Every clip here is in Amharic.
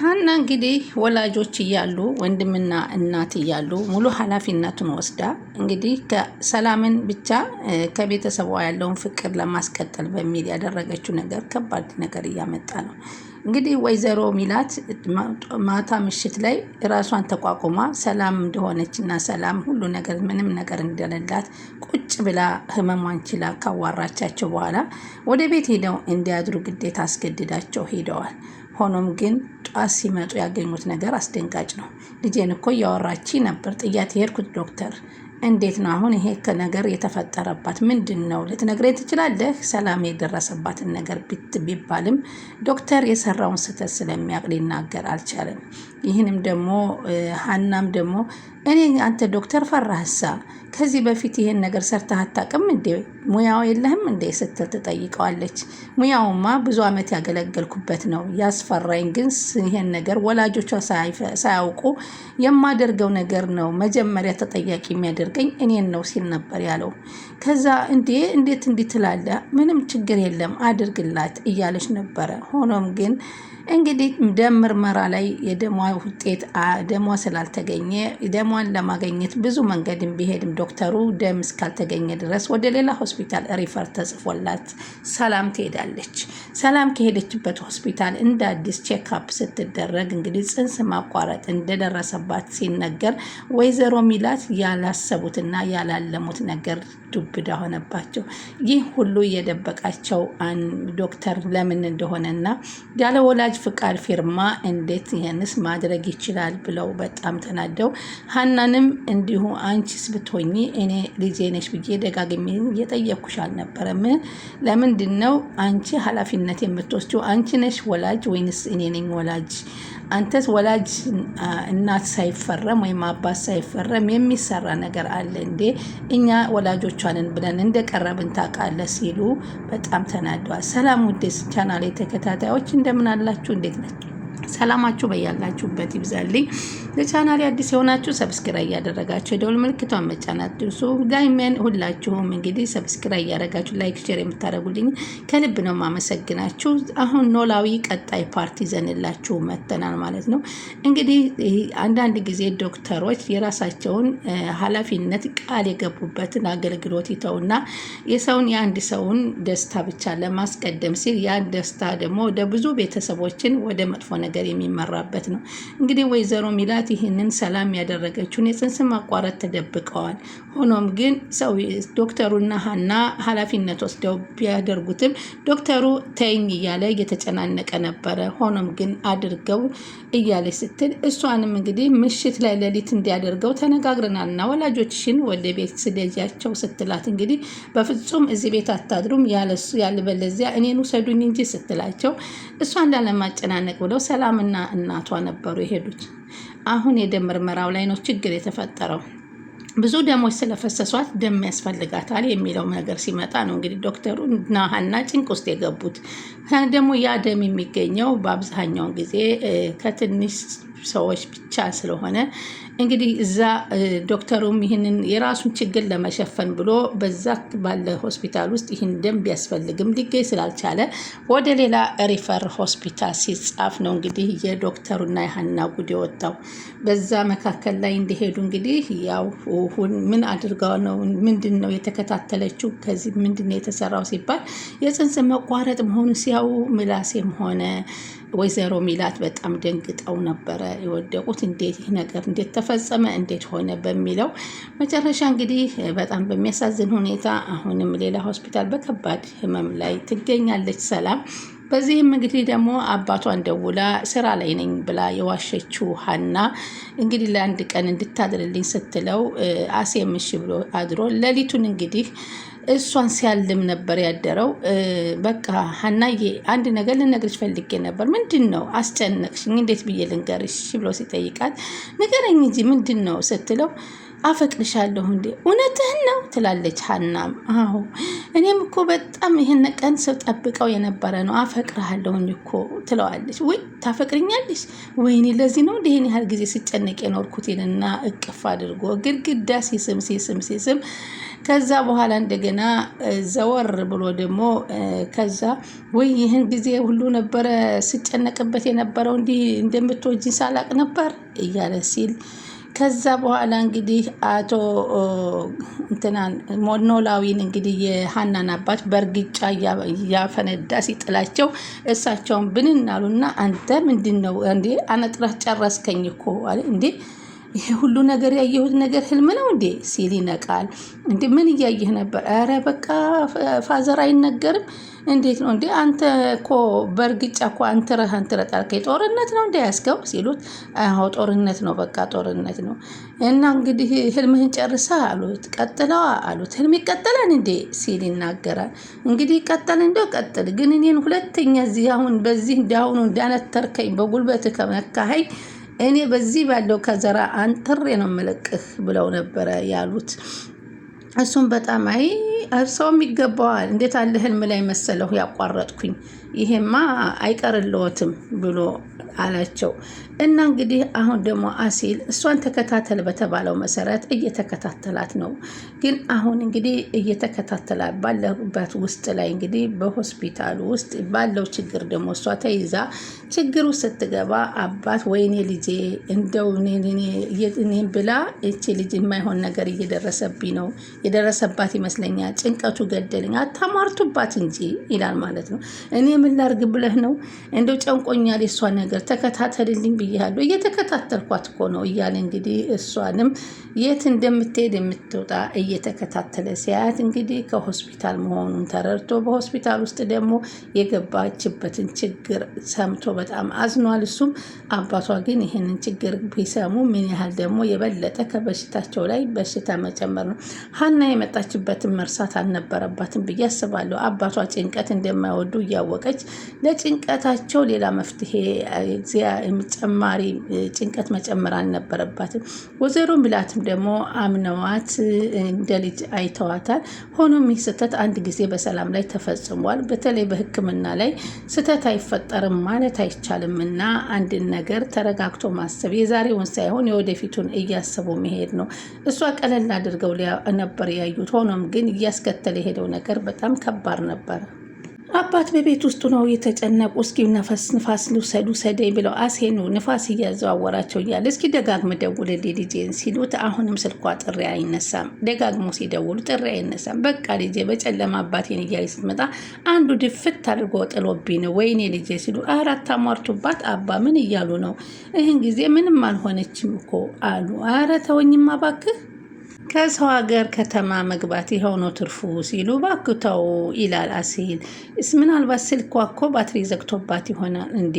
ሀና እንግዲህ ወላጆች እያሉ ወንድምና እናት እያሉ ሙሉ ኃላፊነቱን ወስዳ እንግዲህ ሰላምን ብቻ ከቤተሰቧ ያለውን ፍቅር ለማስቀጠል በሚል ያደረገችው ነገር ከባድ ነገር እያመጣ ነው። እንግዲህ ወይዘሮ ሚላት ማታ ምሽት ላይ ራሷን ተቋቁማ ሰላም እንደሆነች እና ሰላም ሁሉ ነገር ምንም ነገር እንደሌላት ቁጭ ብላ ህመሟን ችላ ካዋራቻቸው በኋላ ወደ ቤት ሄደው እንዲያድሩ ግዴታ አስገድዳቸው ሄደዋል። ሆኖም ግን ጠዋት ሲመጡ ያገኙት ነገር አስደንጋጭ ነው። ልጄን እኮ እያወራች ነበር ጥያት የሄድኩት ዶክተር እንዴት ነው አሁን ይሄ ነገር የተፈጠረባት ምንድን ነው ልትነግረኝ ትችላለህ? ሰላም የደረሰባትን ነገር ቢባልም ዶክተር የሰራውን ስህተት ስለሚያውቅ ሊናገር አልቻለም። ይህንም ደግሞ ሀናም ደግሞ እኔ አንተ ዶክተር ፈራህሳ ከዚህ በፊት ይሄን ነገር ሰርተህ አታውቅም እንዴ? ሙያው የለህም እንዴ ስትል ትጠይቀዋለች። ሙያውማ ብዙ ዓመት ያገለገልኩበት ነው። ያስፈራኝ ግን ይሄን ነገር ወላጆቿ ሳያውቁ የማደርገው ነገር ነው። መጀመሪያ ተጠያቂ የሚያደርገኝ እኔን ነው ሲል ነበር ያለው። ከዛ እንዴ እንዴት እንዲህ ትላለህ? ምንም ችግር የለም አድርግላት እያለች ነበረ። ሆኖም ግን እንግዲህ ደም ምርመራ ላይ የደሟ ውጤት ደሟ ስላልተገኘ ደሟን ለማገኘት ብዙ መንገድም ቢሄድም ዶክተሩ ደም እስካልተገኘ ድረስ ወደ ሌላ ሆስፒታል ሪፈር ተጽፎላት ሰላም ትሄዳለች። ሰላም ከሄደችበት ሆስፒታል እንደ አዲስ ቼክአፕ ስትደረግ እንግዲህ ጽንስ ማቋረጥ እንደደረሰባት ሲነገር ወይዘሮ ሚላት ያላሰቡትና ያላለሙት ነገር ዱብዳ ሆነባቸው። ይህ ሁሉ የደበቃቸው ዶክተር ለምን እንደሆነና ያለ ወላጅ ፍቃድ ፊርማ እንዴት ይህንስ ማድረግ ይችላል ብለው በጣም ተናደው ሀናንም እንዲሁ አንቺስ ብትሆኝ ደጋግሜ እኔ ልጄ ነሽ ብዬ ደጋግሜ እየጠየኩሽ አልነበረም? ለምንድን ነው አንቺ ኃላፊነት የምትወስጂው? አንቺ ነሽ ወላጅ ወይንስ እኔ ነኝ ወላጅ? አንተስ ወላጅ እናት ሳይፈረም ወይም አባት ሳይፈረም የሚሰራ ነገር አለ እንዴ? እኛ ወላጆቿንን ብለን እንደቀረብን ታውቃለህ ሲሉ በጣም ተናደዋል። ሰላም ውዴስ ቻናል ተከታታዮች እንደምን አላችሁ? እንዴት ናቸው? ሰላማችሁ በያላችሁበት ይብዛልኝ። ለቻናል አዲስ የሆናችሁ ሰብስክራይ እያደረጋችሁ የደውል ምልክቷን መጫናችሁ ድርሱ ጋይመን ሁላችሁም እንግዲህ ሰብስክራይ እያደረጋችሁ ላይክ ሼር የምታደርጉልኝ ከልብ ነው ማመሰግናችሁ። አሁን ኖላዊ ቀጣይ ፓርቲ ዘንላችሁ መተናል ማለት ነው። እንግዲህ አንዳንድ ጊዜ ዶክተሮች የራሳቸውን ኃላፊነት ቃል የገቡበትን አገልግሎት ይተውና የሰውን የአንድ ሰውን ደስታ ብቻ ለማስቀደም ሲል ያን ደስታ ደግሞ ወደ ብዙ ቤተሰቦችን ወደ መጥፎ ነገር የሚመራበት ነው። እንግዲህ ወይዘሮ ሚላት በማለት ይህንን ሰላም ያደረገችውን የፅንስ ማቋረጥ ተደብቀዋል። ሆኖም ግን ሰው ዶክተሩና ሀና ኃላፊነት ወስደው ቢያደርጉትም ዶክተሩ ተይኝ እያለ እየተጨናነቀ ነበረ። ሆኖም ግን አድርገው እያለች ስትል እሷንም እንግዲህ ምሽት ላይ ሌሊት እንዲያደርገው ተነጋግረናል እና ወላጆችሽን ወደ ቤት ስደጃቸው ስትላት እንግዲህ በፍጹም እዚህ ቤት አታድሩም ያልበለዚያ እኔን ውሰዱኝ እንጂ ስትላቸው እሷን ላለማጨናነቅ ብለው ሰላምና እናቷ ነበሩ የሄዱት። አሁን የደም ምርመራው ላይ ነው ችግር የተፈጠረው። ብዙ ደሞች ስለፈሰሷት ደም ያስፈልጋታል የሚለው ነገር ሲመጣ ነው እንግዲህ ዶክተሩ እና ሀና ጭንቅ ውስጥ የገቡት። ደግሞ ያ ደም የሚገኘው በአብዛኛውን ጊዜ ከትንሽ ሰዎች ብቻ ስለሆነ እንግዲህ እዛ ዶክተሩም ይህንን የራሱን ችግር ለመሸፈን ብሎ በዛ ባለ ሆስፒታል ውስጥ ይህን ደም ቢያስፈልግም ሊገኝ ስላልቻለ ወደ ሌላ ሪፈር ሆስፒታል ሲጻፍ ነው እንግዲህ የዶክተሩና የሀና ጉድ የወጣው። በዛ መካከል ላይ እንዲሄዱ እንግዲህ ያው ምን አድርገው ነው ምንድን ነው የተከታተለችው ከዚህ ምንድን ነው የተሰራው ሲባል የፅንስ መቋረጥ መሆኑ ሲያው ምላሴም ሆነ ወይዘሮ ሚላት በጣም ደንግጠው ነበረ የወደቁት። እንዴት ይህ ነገር እንዴት ተፈጸመ እንዴት ሆነ በሚለው መጨረሻ እንግዲህ በጣም በሚያሳዝን ሁኔታ አሁንም ሌላ ሆስፒታል በከባድ ህመም ላይ ትገኛለች ሰላም በዚህም እንግዲህ ደግሞ አባቷን ደውላ ስራ ላይ ነኝ ብላ የዋሸችው ሀና እንግዲህ ለአንድ ቀን እንድታድርልኝ ስትለው አሴ ምሽ ብሎ አድሮ ሌሊቱን እንግዲህ እሷን ሲያልም ነበር ያደረው። በቃ ሀናዬ አንድ ነገር ልነግርሽ ፈልጌ ነበር። ምንድን ነው አስጨነቅሽኝ፣ እንዴት ብዬ ልንገርሽ ብሎ ሲጠይቃት ንገረኝ እንጂ ምንድን ነው ስትለው አፈቅርሻለሁ እንዴ እውነትህን ነው ትላለች ሀናም አዎ እኔም እኮ በጣም ይህን ቀን ስብ ጠብቀው የነበረ ነው። አፈቅርሃለሁኝ እኮ ትለዋለች። ወይ ታፈቅርኛለች? ወይኔ ለዚህ ነው እንዲህን ያህል ጊዜ ስጨነቅ የኖርኩትንና እቅፍ አድርጎ ግድግዳ ሲስም ሲስም ሲስም ከዛ በኋላ እንደገና ዘወር ብሎ ደግሞ ከዛ ወይ ይህን ጊዜ ሁሉ ነበረ ስጨነቅበት የነበረው እንዲህ እንደምትወጂኝ ሳላቅ ነበር እያለ ሲል ከዛ በኋላ እንግዲህ አቶ እንትናን ኖላዊን እንግዲህ የሀናን አባት በእርግጫ እያፈነዳ ሲጥላቸው እሳቸውን ብንናሉና አንተ ምንድን ነው እንዴ? አነጥረህ ጨረስከኝ እኮ እንዴ ይሄ ሁሉ ነገር ያየሁት ነገር ህልም ነው እንዴ ሲል ይነቃል። እንዴ ምን እያየህ ነበር? ኧረ በቃ ፋዘር አይነገርም። እንዴት ነው እንዴ? አንተ እኮ በእርግጫ እኮ አንትረህ አንትረህ ጣልከኝ። ጦርነት ነው እንዴ ያስገው ሲሉት፣ አዎ ጦርነት ነው በቃ ጦርነት ነው። እና እንግዲህ ህልምህን ጨርሳ አሉት። ቀጥለዋ አሉት። ህልም ይቀጠለን እንዴ ሲል ይናገራል። እንግዲህ ይቀጠል እንደ ቀጥል፣ ግን እኔን ሁለተኛ እዚህ አሁን በዚህ እንዲሁኑ እንዳነተርከኝ በጉልበት ከመካኸኝ እኔ በዚህ ባለው ከዘራ አንተሬ ነው መለቅህ ብለው ነበረ ያሉት እሱም በጣም አይ ሰውም ይገባዋል እንዴት አለ ህልም ላይ መሰለሁ ያቋረጥኩኝ ይሄማ አይቀርልዎትም ብሎ አላቸው እና እንግዲህ አሁን ደግሞ አሲል እሷን ተከታተል በተባለው መሰረት እየተከታተላት ነው። ግን አሁን እንግዲህ እየተከታተላት ባለበት ውስጥ ላይ እንግዲህ በሆስፒታሉ ውስጥ ባለው ችግር ደግሞ እሷ ተይዛ ችግሩ ስትገባ አባት ወይኔ ልጄ እንደው እኔን ብላ እቺ ልጅ የማይሆን ነገር እየደረሰብኝ ነው የደረሰባት ይመስለኛል። ጭንቀቱ ገደለኝ፣ አታማርቱባት እንጂ ይላል ማለት ነው። እኔ ምን ላርግ ብለህ ነው? እንደው ጨንቆኛል፣ የእሷ ነገር ተከታተልልኝ ብያለሁ። እየተከታተልኳት እኮ ነው እያለ እንግዲህ እሷንም የት እንደምትሄድ የምትወጣ እየተከታተለ ሲያያት እንግዲህ ከሆስፒታል መሆኑን ተረድቶ በሆስፒታል ውስጥ ደግሞ የገባችበትን ችግር ሰምቶ በጣም አዝኗል። እሱም አባቷ ግን ይህንን ችግር ቢሰሙ ምን ያህል ደግሞ የበለጠ ከበሽታቸው ላይ በሽታ መጨመር ነው። እና የመጣችበትን መርሳት አልነበረባትም ብዬ አስባለሁ። አባቷ ጭንቀት እንደማይወዱ እያወቀች ለጭንቀታቸው ሌላ መፍትሄ ጨማሪ ጭንቀት መጨመር አልነበረባትም። ወይዘሮ ሚላትም ደግሞ አምነዋት እንደ ልጅ አይተዋታል። ሆኖም ይህ ስህተት አንድ ጊዜ በሰላም ላይ ተፈጽሟል። በተለይ በሕክምና ላይ ስህተት አይፈጠርም ማለት አይቻልም እና አንድን ነገር ተረጋግቶ ማሰብ የዛሬውን ሳይሆን የወደፊቱን እያሰቡ መሄድ ነው። እሷ ቀለል አድርገው ነበር ነበር ያዩት። ሆኖም ግን እያስከተለ የሄደው ነገር በጣም ከባድ ነበር። አባት በቤት ውስጡ ነው የተጨነቁ። እስኪ ነፈስ ንፋስ ልውሰዱ ውሰደኝ ብለው አሴኑ ንፋስ እያዘዋወራቸው እያለ እስኪ ደጋግመ ደውልልኝ ልጄን ሲሉት አሁንም ስልኳ ጥሪ አይነሳም። ደጋግሞ ሲደውሉ ጥሪ አይነሳም። በቃ ልጄ በጨለማ አባቴን እያይ ስትመጣ አንዱ ድፍት አድርጎ ጥሎብኝ ነው ወይኔ ልጄ ሲሉ አራት አሟርቱባት አባ ምን እያሉ ነው? ይህን ጊዜ ምንም አልሆነችም እኮ አሉ። አረ ተወኝማ እባክህ ከሰው ሀገር ከተማ መግባት የሆነው ትርፉ ሲሉ ባክተው ይላል አሲል። ምናልባት ስልኳ እኮ ባትሪ ዘግቶባት ይሆናል። እንዴ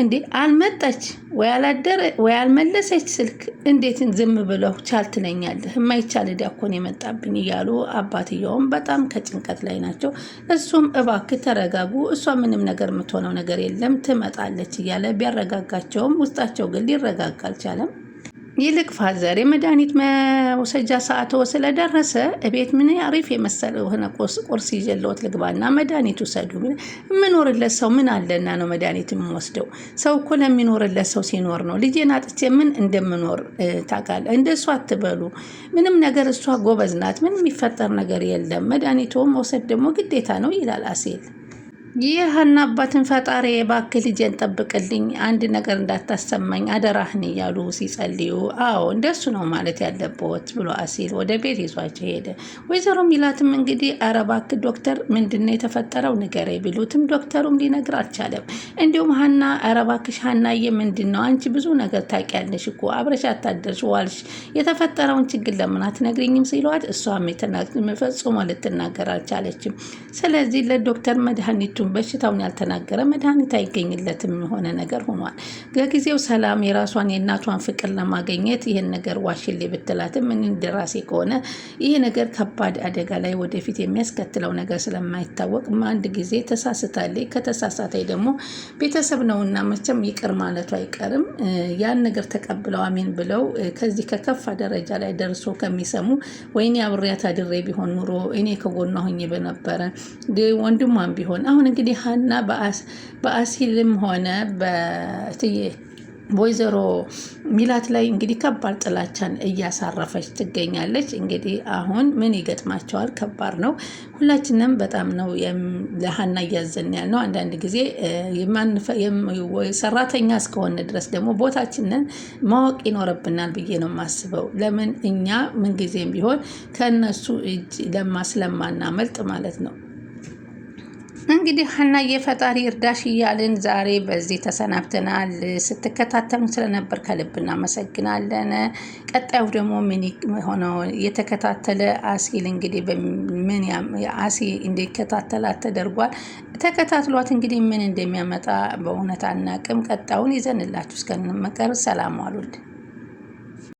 እንዴ አልመጣች ወይ አላደረ ወይ አልመለሰች ስልክ እንዴትን ዝም ብለው ቻል ትለኛለህ? የማይቻል ዕዳ እኮ ነው የመጣብኝ እያሉ አባትየውም በጣም ከጭንቀት ላይ ናቸው። እሱም እባክህ ተረጋጉ፣ እሷ ምንም ነገር የምትሆነው ነገር የለም ትመጣለች እያለ ቢያረጋጋቸውም ውስጣቸው ግን ሊረጋጋ አልቻለም። ይልቅ ፋዘር የመድኃኒት መውሰጃ ሰዓቶ ስለደረሰ እቤት ምን አሪፍ የመሰለ የሆነ ቁርስ ይዤልዎት ልግባና መድኃኒት ውሰዱ። የምኖርለት ሰው ምን አለና ነው መድኃኒት የምወስደው? ሰው እኮ ለሚኖርለት ሰው ሲኖር ነው። ልጄን አጥቼ ምን እንደምኖር ታውቃለህ። እንደ አትበሉ። ምንም ነገር እሷ ጎበዝ ናት። ምንም የሚፈጠር ነገር የለም። መድኃኒቱ መውሰድ ደግሞ ግዴታ ነው ይላል አሴል ይህ ሀና አባትን ፈጣሪ ባክ ልጄን ጠብቅልኝ፣ አንድ ነገር እንዳታሰማኝ አደራህን እያሉ ሲጸልዩ፣ አዎ እንደሱ ነው ማለት ያለበት ብሎ አሲል ወደ ቤት ይዟቸው ሄደ። ወይዘሮ ሚላትም እንግዲህ አረ ባክ ዶክተር፣ ምንድነው የተፈጠረው ንገሬ ቢሉትም ዶክተሩም ሊነግር አልቻለም። እንዲሁም ሀና አረ ባክሽ ሀናዬ፣ ምንድን ነው አንቺ ብዙ ነገር ታውቂያለሽ እኮ አብረሽ አታደርሽ ዋልሽ፣ የተፈጠረውን ችግር ለምን አትነግሪኝም ሲሏት፣ እሷም ፈጽሞ ልትናገር አልቻለችም። ስለዚህ ለዶክተር መድኃኒቱ ምክንያቱም በሽታውን ያልተናገረ መድኃኒት አይገኝለትም የሆነ ነገር ሆኗል። ለጊዜው ሰላም የራሷን የእናቷን ፍቅር ለማገኘት ይህን ነገር ዋሽሌ ብትላትም ምን እንደራሴ ከሆነ ይህ ነገር ከባድ አደጋ ላይ ወደፊት የሚያስከትለው ነገር ስለማይታወቅ አንድ ጊዜ ተሳስታለች። ከተሳሳታይ ደግሞ ቤተሰብ ነውና መቼም ይቅር ማለቱ አይቀርም። ያን ነገር ተቀብለው አሜን ብለው ከዚህ ከከፋ ደረጃ ላይ ደርሶ ከሚሰሙ ወይኔ አብሬያት አድሬ ቢሆን ኑሮ እኔ ከጎኗ ሆኜ በነበረ ወንድሟም ቢሆን አሁን እንግዲህ ሀና በአሲልም ሆነ በእትዬ ወይዘሮ ሚላት ላይ እንግዲህ ከባድ ጥላቻን እያሳረፈች ትገኛለች። እንግዲህ አሁን ምን ይገጥማቸዋል? ከባድ ነው። ሁላችንም በጣም ነው ለሀና እያዘን ያል ነው። አንዳንድ ጊዜ ሰራተኛ እስከሆነ ድረስ ደግሞ ቦታችንን ማወቅ ይኖርብናል ብዬ ነው የማስበው። ለምን እኛ ምንጊዜም ቢሆን ከእነሱ እጅ ለማ ስለማናመልጥ ማለት ነው። እንግዲህ ሀና የፈጣሪ እርዳሽ እያልን ዛሬ በዚህ ተሰናብተናል። ስትከታተሉ ስለነበር ከልብ እናመሰግናለን። ቀጣዩ ደግሞ ምን ሆነው የተከታተለ አሲል እንግዲህ ምን አሲ እንዲከታተላት ተደርጓል። ተከታትሏት እንግዲህ ምን እንደሚያመጣ በእውነት አናቅም። ቀጣዩን ይዘንላችሁ እስከንመቀር ሰላም ዋሉልን።